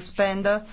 suspendă